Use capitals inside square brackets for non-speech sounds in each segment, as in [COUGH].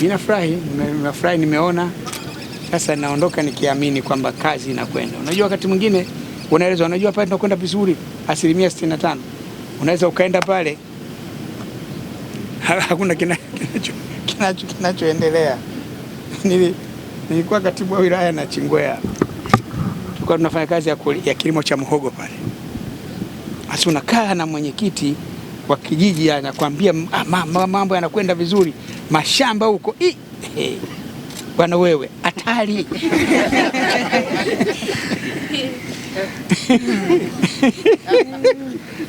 Ninafurahi, nimefurahi, nimeona. Sasa naondoka nikiamini kwamba kazi inakwenda. Unajua wakati mwingine unaelezwa, unajua pale tunakwenda vizuri asilimia 65. Unaweza ukaenda pale [LAUGHS] hakuna kinacho kinachoendelea. [LAUGHS] Nili, nilikuwa katibu wa wilaya na Chingwea, tulikuwa tunafanya kazi ya, ya kilimo cha mhogo pale, asi unakaa na mwenyekiti wa kijiji anakwambia ah, mambo yanakwenda vizuri, mashamba huko bwana wewe, hatari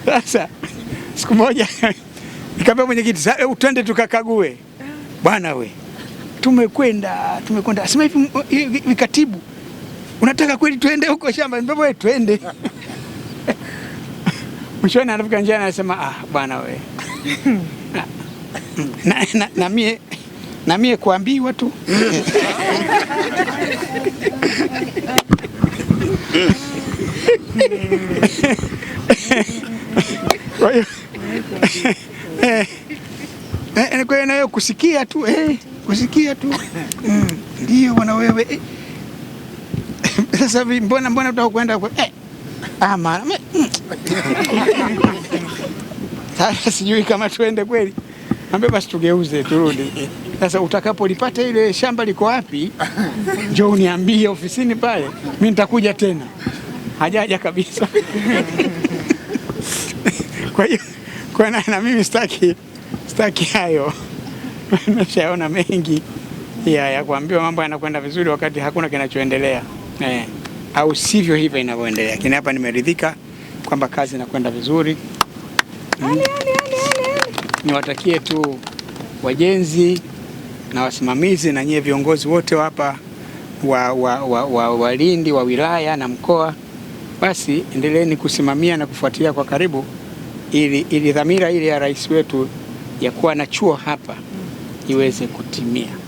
sasa. siku moja nikamwambia mwenyekiti, twende tukakague. Bwana we, tumekwenda tumekwenda, sema hivi vikatibu, unataka kweli tuende huko shamba? Twende mwisho anafika njia anasema ah, bwana we [LAUGHS] na, na, na mie na mie kuambiwa tu kwa hiyo eh, eh, kwa hiyo nayo kusikia tu eh, kusikia tu ndio bwana wewe eh. [LAUGHS] Sasa mbona mbona utakwenda kwa eh, ah mm. Sasa sijui kama tuende kweli, ambie basi tugeuze turudi. Sasa utakapolipata ile shamba liko wapi, njoo uniambie ofisini pale, mimi nitakuja tena. Hajaja kabisa. Kwa hiyo kwa na, na mimi sitaki sitaki hayo. Nimeshaona mengi ya, ya kuambiwa mambo yanakwenda vizuri wakati hakuna kinachoendelea eh, au sivyo hivyo inavyoendelea. Lakini hapa nimeridhika kwamba kazi inakwenda vizuri hmm? Niwatakie tu wajenzi na wasimamizi na nyie viongozi wote hapa wa, wa, wa, wa, wa Lindi wa wilaya na mkoa, basi endeleeni kusimamia na kufuatilia kwa karibu ili, ili dhamira ile ya rais wetu ya kuwa na chuo hapa iweze kutimia.